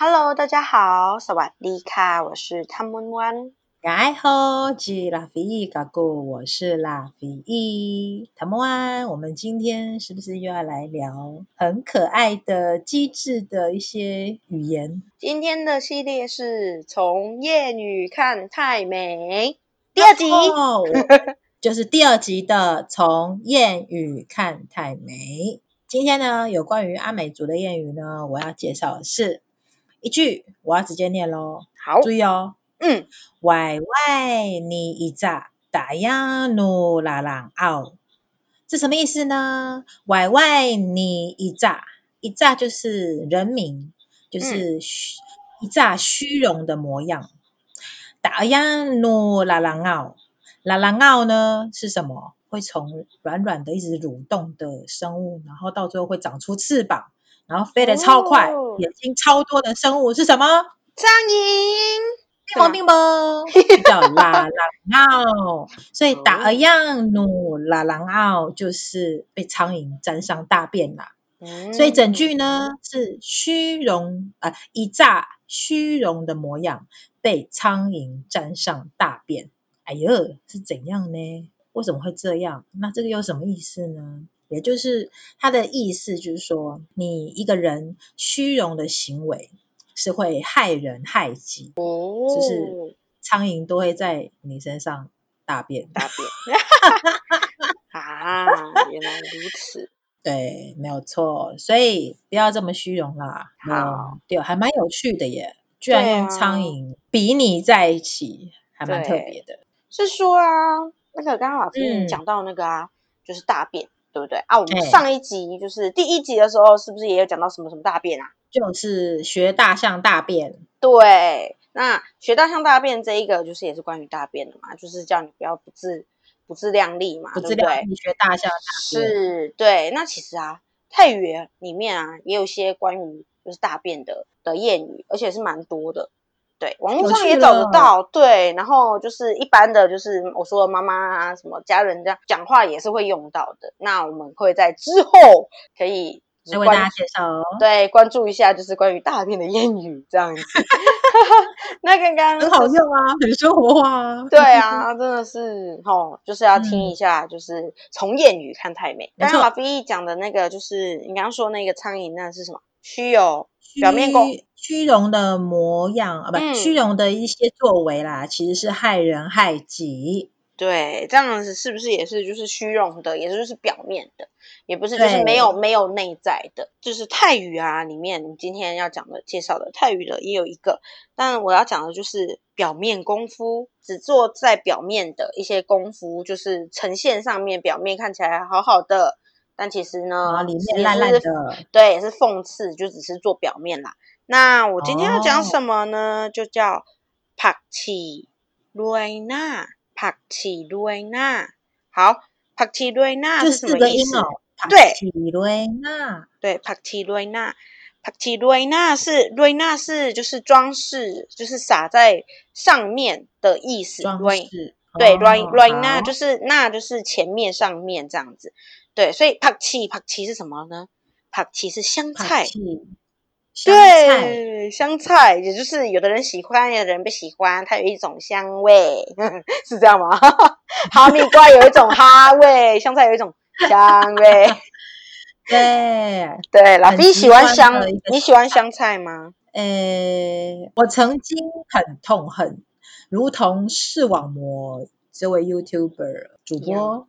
Hello，大家好，สวัสดีค่ะ，我是湯溫溫。然後吉拉比高古，我是拉比伊。湯溫溫，我們今天是不是又要來聊很可愛的、機智的一些語言？今天的系列是從諺語看泰美第二集， 就是第二集的從諺語看泰美。今天呢，有關於阿美族的諺語呢，我要介紹的是。一句，我要直接念嘍。好，注意哦。嗯，歪歪你一詐，打呀奴啦啦奧，這什麼意思呢？歪歪你一詐，一詐就是人名，就是虛、嗯、一詐虛榮的模樣。打呀奴啦啦奧，啦啦奧呢是什麼？會從軟軟的一直蠕動的生物，然後到最後會長出翅膀。然後飛得超快，哦，眼睛超多的生物是什麼？蒼蠅。並毛並吧，啊？ 叫拉蘭奧，所以打一樣怒啦，蘭奧就是被蒼蠅沾上大便啦，啊嗯。所以整句呢是虛榮啊，一，呃，炸虛榮的模樣被蒼蠅沾上大便。哎喲是怎樣呢？為什麼會這樣？那這個有什麼意思呢？也就是他的意思，就是說你一個人虛榮的行為是會害人害己，哦、只是蒼蠅都會在你身上大便大便。 啊，原來如此， 對，沒有錯，所以不要這麼虛榮啦。好、嗯，對，還蠻有趣的耶，居然用蒼蠅比擬在一起、啊，還蠻特別的。是說啊，那個剛剛老師、嗯、講到那個啊，就是大便。對不對啊？我們上一集就是第一集的時候，是不是也有講到什麼什麼大便啊？就是學大象大便。對，那學大象大便這一個，就是也是關於大便的嘛，就是叫你不要不自不自量力嘛量力，對不對？你學大象大便是，對。那其實啊，泰語裡面啊，也有些關於就是大便的的諺語，而且是蠻多的。對，網絡上也找得到，對，然後就是一般的，就是我說媽媽啊，什麼家人這樣講話也是會用到的。那我們會在之後可以為大家介紹，對，關注一下就是關於大片的諺語這樣子。哈 哈 那剛剛很好笑啊，很生活化啊， 對啊，真的是齁，就是要聽一下，就是從諺語看泰美。剛剛 Marfie 講的那個，就是你剛剛說那個蒼蠅，那是什麼？虛有表面功虛，虛榮的模樣啊，不、嗯呃，虛榮的一些作為啦，其實是害人害己。對，這樣子是不是也是就是虛榮的，也就是表面的，也不是就是沒有沒有內在的。就是泰語啊裡面，你今天要講的介紹的泰語的也有一個，但我要講的就是表面功夫，只做在表面的一些功夫，就是呈現上面表面看起來好好的。但其實呢，啊、裡面爛爛的。對，也是諷刺，就只是做表面啦。那我今天要講什麼呢？Oh. 就叫帕奇瑞納，帕奇瑞納，好，帕奇瑞納是什麼意思？對，瑞納，對，帕奇瑞納，帕奇瑞納是瑞納是，是就是裝飾，就是撒在上面的意思。瑞，飾，對，瑞瑞納就是那就是前面上面這樣子。對，所以帕奇帕奇是什麼呢？帕奇是香菜，香菜，對，香菜也就是有的人喜歡，有的人不喜歡，它有一種香味，呵呵是這樣嗎？哈密瓜有一種哈味， 香菜有一種香味。對 對，老 B 喜，喜歡香喜歡，你喜歡香菜嗎？嗯，我曾經很痛恨，如同視網膜，這位 YouTuber 主播。嗯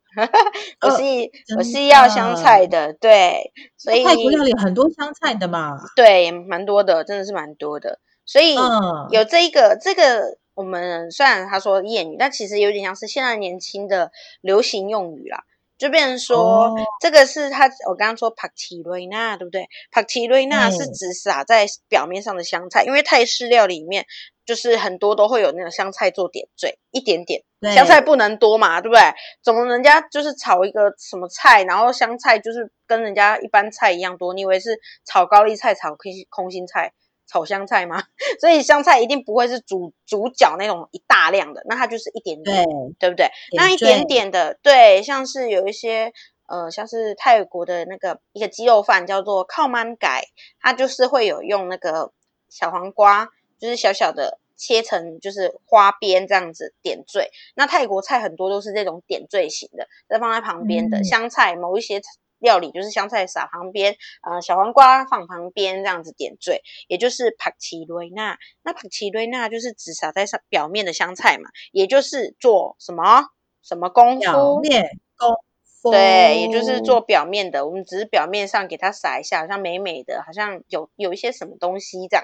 我是、哦、我是要香菜的，對，所以泰國料理很多香菜的嘛，對，蠻多的，真的是蠻多的，所以、嗯、有這一個這個，我們雖然他說諺語，但其實有點像是現在年輕的流行用語啦。就變成說，oh. 這個是它。我剛剛說帕奇瑞娜對不對？帕奇瑞娜是指撒在表面上的香菜，嗯，因為泰式料理裡面就是很多都會有那種香菜做點綴，一點點香菜不能多嘛，對不對？怎麼人家就是炒一個什麼菜，然後香菜就是跟人家一般菜一樣多？你以為是炒高麗菜，炒空空心菜？炒香菜嘛，所以香菜一定不會是主主角那種一大量的，那它就是一點點、嗯，對不對？那一點點的，對，像是有一些，呃，像是泰國的那個一個雞肉飯叫做靠曼改，它就是會有用那個小黃瓜，就是小小的切成就是花邊這樣子點綴。那泰國菜很多都是這種點綴型的，再放在旁邊的香菜，嗯、某一些料理就是香菜撒旁邊，呃，小黃瓜放旁邊這樣子點綴，也就是帕奇瑞娜，那帕奇瑞娜就是只撒在上表面的香菜嘛，也就是做什麼什麼功夫，表面功夫？對，也就是做表面的。我們只是表面上給它撒一下，好像美美的，好像有有一些什麼東西這樣，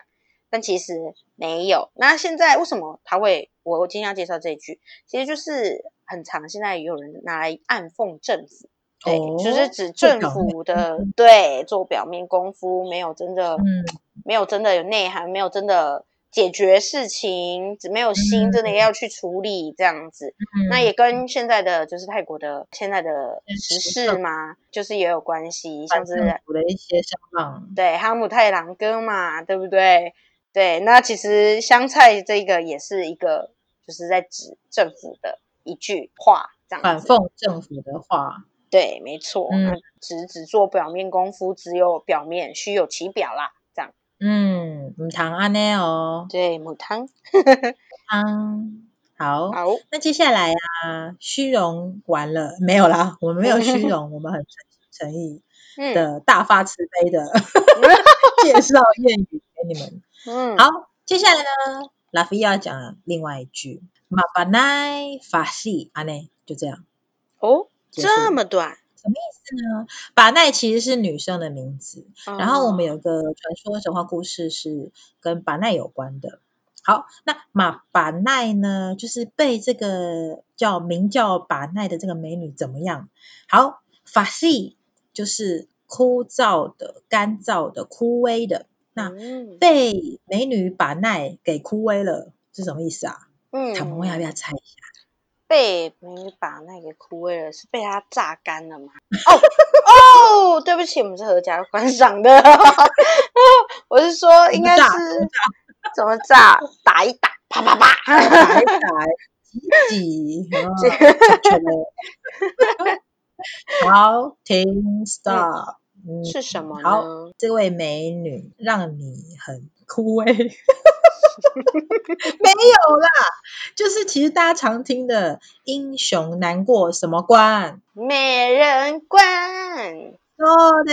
但其實沒有。那現在為什麼它會？我今天要介紹這一句，其實就是很常。現在有人拿來暗諷政府。對，就是指政府的對做表面功夫，沒有真的、嗯，沒有真的有內涵，沒有真的解決事情，只沒有心真的要去處理、嗯、這樣子、嗯。那也跟現在的就是泰國的現在的時事嘛，就是也有關係，像是政府的一些對哈姆太郎哥嘛，對不對？對，那其實香菜這個也是一個，就是在指政府的一句話這樣，反諷政府的話。對，沒錯，嗯、只只做表面功夫，只有表面，虛有其表啦，這樣。嗯，母湯阿內哦，對，母湯、 嗯。好，好。那接下來啊，虛榮完了沒有啦？我們沒有虛榮， 我們很誠 誠意的、嗯、大發慈悲的 介紹諺語 給你們。嗯，好，接下來呢，拉菲亞講了另外一句，馬巴奈法西阿內，就這樣。哦。這麼短，什麼意思呢？把奈其實是女生的名字，哦、然後我們有個傳說神話故事是跟把奈有關的。好，那馬把奈呢，就是被這個叫名叫把奈的這個美女怎麼樣？好，法、嗯、西就是枯燥的、乾燥的、枯萎的。那被美女把奈給枯萎了，是什麼意思啊？嗯，他們問要不要猜一下？被你把那個枯萎了，是被它榨乾了嗎？哦哦，對不起，我們是合家觀賞的。 我是說應該是，應該是怎麼榨？打一打，啪啪啪，打一打，擠擠，好，停，stop，嗯，是什麼呢？好，這位美女讓你很枯萎。 沒有啦，就是其實大家常聽的英雄難過什麼關，美人關。g o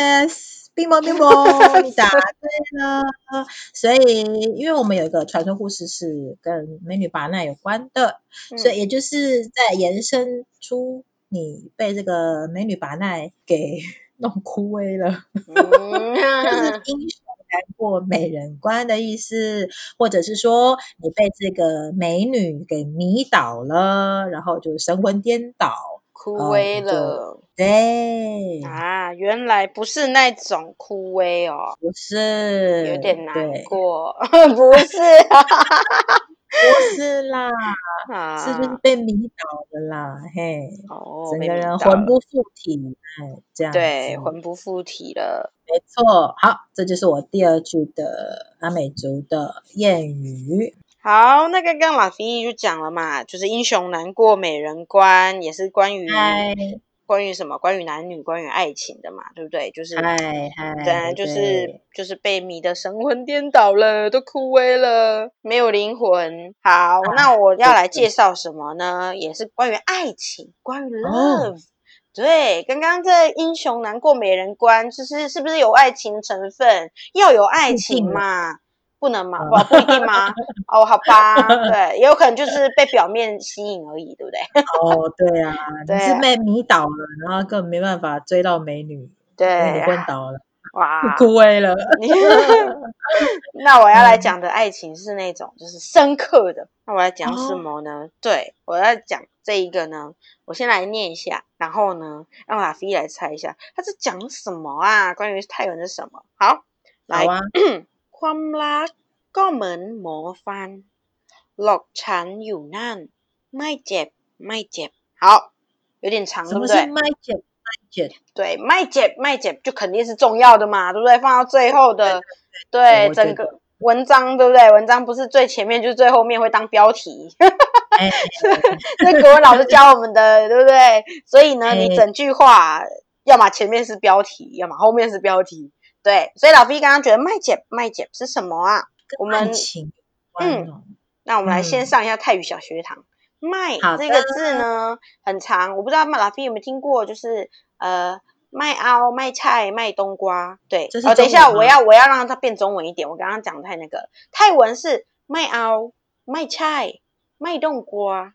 bingo bingo，答對了。 所以，因為我們有一個傳說故事是跟美女拔奈有關的，嗯，所以也就是在延伸出你被這個美女拔奈給弄枯萎了。 就是英。過美人關的意思，或者是說你被這個美女給迷倒了，然後就神魂顛倒、枯萎了。對啊，原來不是那種枯萎哦，不是有點難過， 不是、啊。 不是啦，啊、是不是被迷倒的啦？嘿，哦、整個人魂不附體，哎、哦，這樣對，魂不附體了，沒錯。好，這就是我第二句的阿美族的諺語、嗯。好，那個、剛剛老師就講了嘛，就是英雄難過美人關，也是關於。關於什麼？關於男女，關於愛情的嘛，對不對？就是，hi, hi, 就是、對，就是就是被迷得神魂顛倒了，都枯萎了，沒有靈魂。好，啊、那我要來介紹什麼呢？也是關於愛情，關於 love。哦、對，剛剛這英雄難過美人關，就是是不是有愛情成分？要有愛情嘛。不能嗎、哦？不一定嗎？ 哦，好吧，對，也有可能就是被表面吸引而已，對不對？哦，對啊，就、 啊、是被迷倒了，然後根本沒辦法追到美女，對、啊，昏倒了，哇，枯萎了。 那我要來講的愛情是那種、嗯、就是深刻的。那我要講什麼呢、哦？對，我要講這一個呢。我先來念一下，然後呢，讓阿飛來猜一下，他是講什麼啊？關於泰文的什麼？好，來。ความรักก็เหมือ，好有點長，對不對？賣賤賣賤，對，賣賤賣賤就肯定是重要的嘛，對不對？放到最後的、嗯、對、嗯、整個文章對不對？文章不是最前面就是最後面會當標題，那 國、欸、 文老師教我們的、 嗯、對不對？所以呢，你整句話要麼前面是標題，要麼後面是標題。對，所以老 B 剛剛覺得賣減賣減是什麼啊？我們嗯，那我們來先上一下泰語小學堂。賣、嗯、這個字呢很長，我不知道老 B 有沒有聽過？就是呃，賣凹賣菜賣冬瓜，對。哦，等一下，我要我要讓它變中文一點。我剛剛講的太那個了，泰文是賣凹賣菜賣冬瓜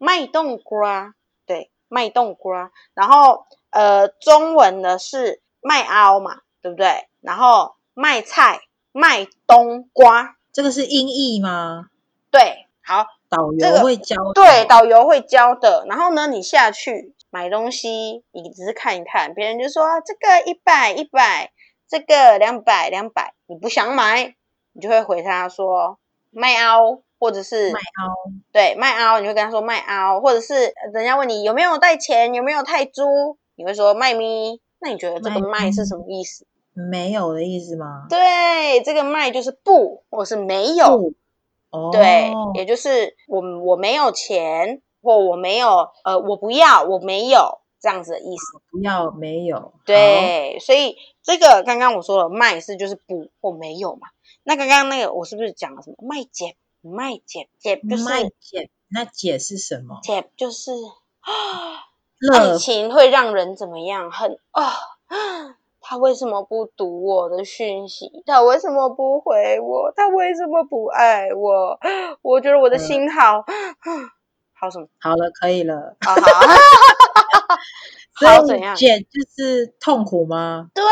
賣冬瓜，對，賣冬瓜。然後呃，中文的是賣凹嘛。對不對？然後賣菜賣冬瓜，這個是音譯嗎？對，好。導遊會教的、這個。對，導遊會教的。然後呢，你下去買東西，你只是看一看，別人就說這個一百一百，這個兩百兩百。你不想買，你就會回他說賣凹或者是賣凹。對，賣凹，你就跟他說賣凹，或者是人家問你有沒有帶錢，有沒有泰銖，你會說賣咪。那你覺得這個賣是什麼意思？沒有的意思嗎？對，這個賣就是不，或是沒有。哦，對哦，也就是我我沒有錢，或我沒有，呃，我不要，我沒有這樣子的意思。我不要，沒有。對、哦，所以這個剛剛我說了，賣是就是不或沒有嘛。那剛剛那個我是不是講了什麼賣姐不賣姐？姐就是賣姐，那解是什麼？解就是啊，愛情會讓人怎麼樣？很啊。啊他為什麼不讀我的訊息？他為什麼不回我？他為什麼不愛我？我覺得我的心好，好、嗯、什麼？好了，可以了。啊、好 怎樣，所以減就是痛苦嗎？對，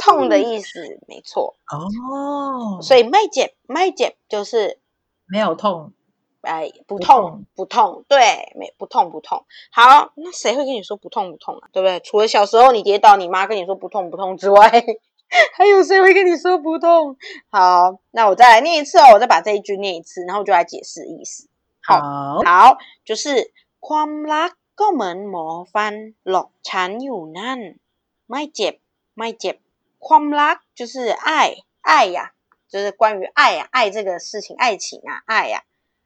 痛痛的意思 沒錯。哦，所以麥減麥減就是沒有痛。哎，不痛不痛，不痛，對，沒不痛不痛。好，那誰會跟你說不痛不痛啊？對不對？除了小時候你跌倒，你媽跟你說不痛不痛之外，還有誰會跟你說不痛？好，那我再來念一次哦，我再把這一句念一次，然後就來解釋意思。好好，好，就是ความรักก็เหมือนหมอฟันหลอกฉันอยู่นั่นไม่เจ็บไม่เจ็บ。ความรัก就是愛愛呀、啊，就是關於愛呀、啊，愛這個事情，愛情啊，愛呀。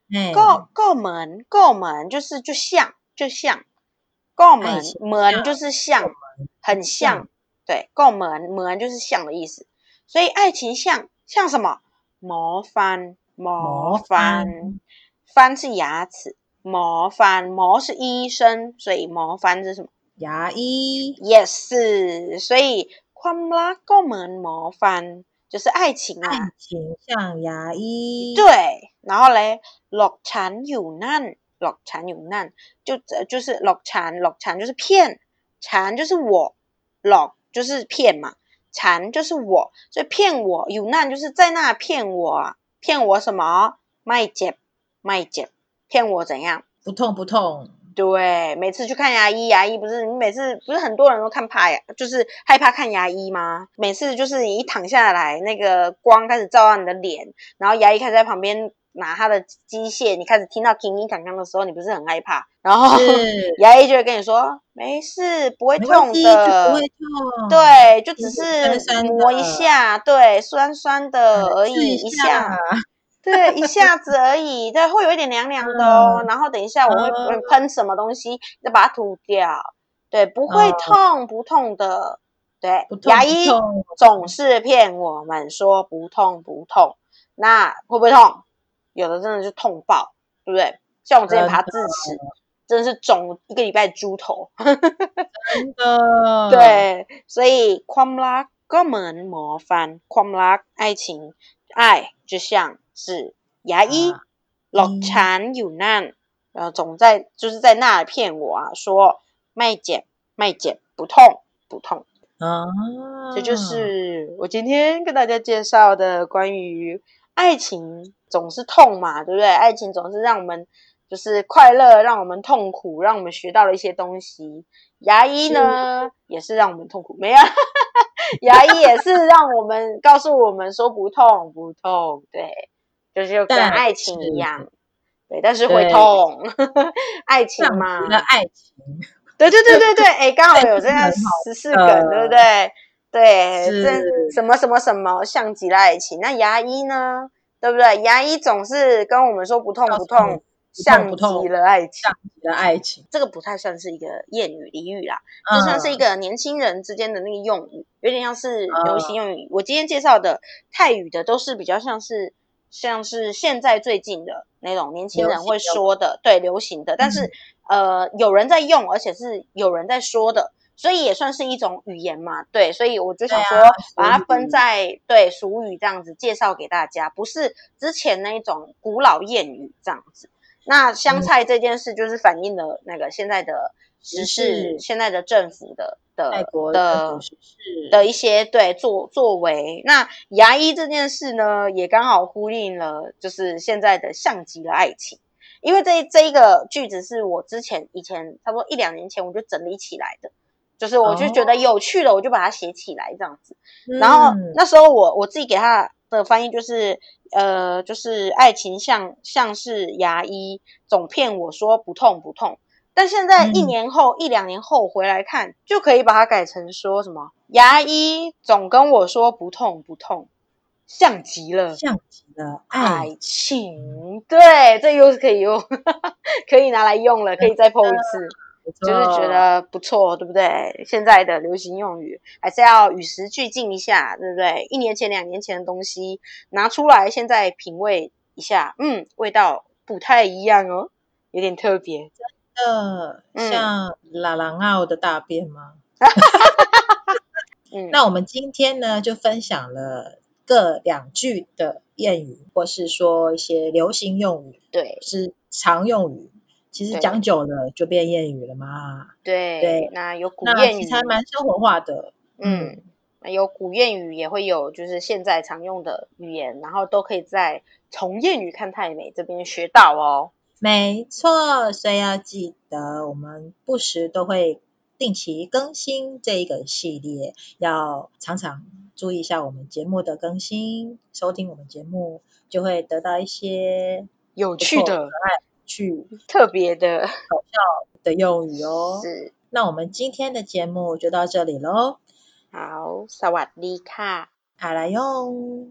嗯夠夠門夠門就是就像就像夠門像門就是像很像，像對夠門門就是像的意思，所以愛情像像什麼？磨翻磨翻翻是牙齒，磨翻磨是醫生，所以磨翻是什麼？牙醫。Yes，所以昆拉夠門，門磨翻就是愛情啊，愛情像牙醫。對，然後嘞。老禪有難，老禪有難，就就是老禪，老禪就是騙，禪就是我，老就是騙嘛，禪就是我，所以騙我，有難就是在那騙我，騙我什麼？賣假，賣假，騙我怎樣？不痛不痛。對，每次去看牙醫，牙醫不是，你每次，不是很多人都看怕呀，就是害怕看牙醫嗎？每次就是你一躺下來，那個光開始照到你的臉，然後牙醫開始在旁邊。拿他的機械，你開始聽到“叮叮噹噹”的時候，你不是很害怕？然後牙醫就會跟你說：“沒事，不會痛的，不會痛。”對，就只是磨一下酸酸，對，酸酸的而已，一下，一下啊、對， 一下子而已，對，會有一點涼涼的哦。嗯、然後等一下我會、嗯、我會噴什麼東西，要把它吐掉。對，不會痛，嗯、不痛的，對，不痛不痛。牙醫總是騙我們說不痛不痛，嗯、那會不會痛？有的真的是痛爆，對不對？像我之前拔智齒，真的是腫一個禮拜豬頭。 真的。對，所以，ความรักก็เหมือนหมอฟัน，ความรัก愛情、愛就像是牙醫，หลอกฉันอยู่นั่น，呃，嗯、然後總在就是在那騙我啊，說賣剪賣剪，不痛不痛。啊，這就，就是我今天跟大家介紹的關於。愛情總是痛嘛，對不對？愛情總是讓我們就是快樂，讓我們痛苦，讓我們學到了一些東西。牙醫呢，是也是讓我們痛苦，沒有、啊哈哈，牙醫也是讓我們 告訴我們說不痛不痛，對，就是跟愛情一樣，對，但是會痛， 愛情嘛，的愛情，對對對對對，哎，剛好有這樣十四梗，對不對？對，這什麼什麼什麼像極了愛情。那牙醫呢？對不對？牙醫總是跟我們說不痛不痛，不痛不痛像極了愛情。像極了愛情，這個不太算是一個諺語、俚語啦，就算是一個年輕人之間的那個用語，有點像是流行用語。嗯、我今天介紹的泰語的都是比較像是，像是現在最近的那種年輕人會說的，流行流行對，流行的。但是、嗯、呃，有人在用，而且是有人在說的。所以也算是一種語言嘛，對，所以我就想說、啊、把它分在對俗語這樣子介紹給大家，不是之前那一種古老諺語這樣子。那香菜這件事就是反映了那個現在的時事，嗯、現在的政府的的的的一些對作作為。那牙醫這件事呢，也剛好呼應了就是現在的像極了愛情，因為這這一個句子是我之前以前差不多一兩年前我就整理起來的。就是我就覺得有趣了，我就把它寫起來這樣子。然後那時候我我自己給他的翻譯就是，呃，就是愛情像像是牙醫總騙我說不痛不痛。但現在一年後、嗯、一兩年後回來看，就可以把它改成說什麼牙醫總跟我說不痛不痛，像極了像極了愛情。對，這又是可以用， 可以拿來用了，可以再 PO 一次。嗯嗯.就是覺得不錯，對不對？哦、現在的流行用語還是要與時俱進一下，對不對？一年前、兩年前的東西拿出來，現在品味一下，嗯，味道不太一樣哦，有點特別，真的。像喇喇號的大便嗎？嗯， 嗯。那我們今天呢，就分享了各兩句的諺語，或是說一些流行用語，對，就是常用語。其實講久了就變諺語了嘛。對對，那有古諺語才蠻生活化的。嗯，嗯那有古諺語也會有，就是現在常用的語言，然後都可以在從諺語看泰美這邊學到哦。沒錯，所以要記得，我們不時都會定期更新這一個系列，要常常注意一下我們節目的更新，收聽我們節目就會得到一些有趣的。去特別的搞笑的用語哦， 是，那我們今天的節目就到這裡嘍，好，薩瓦迪卡，阿拉喲。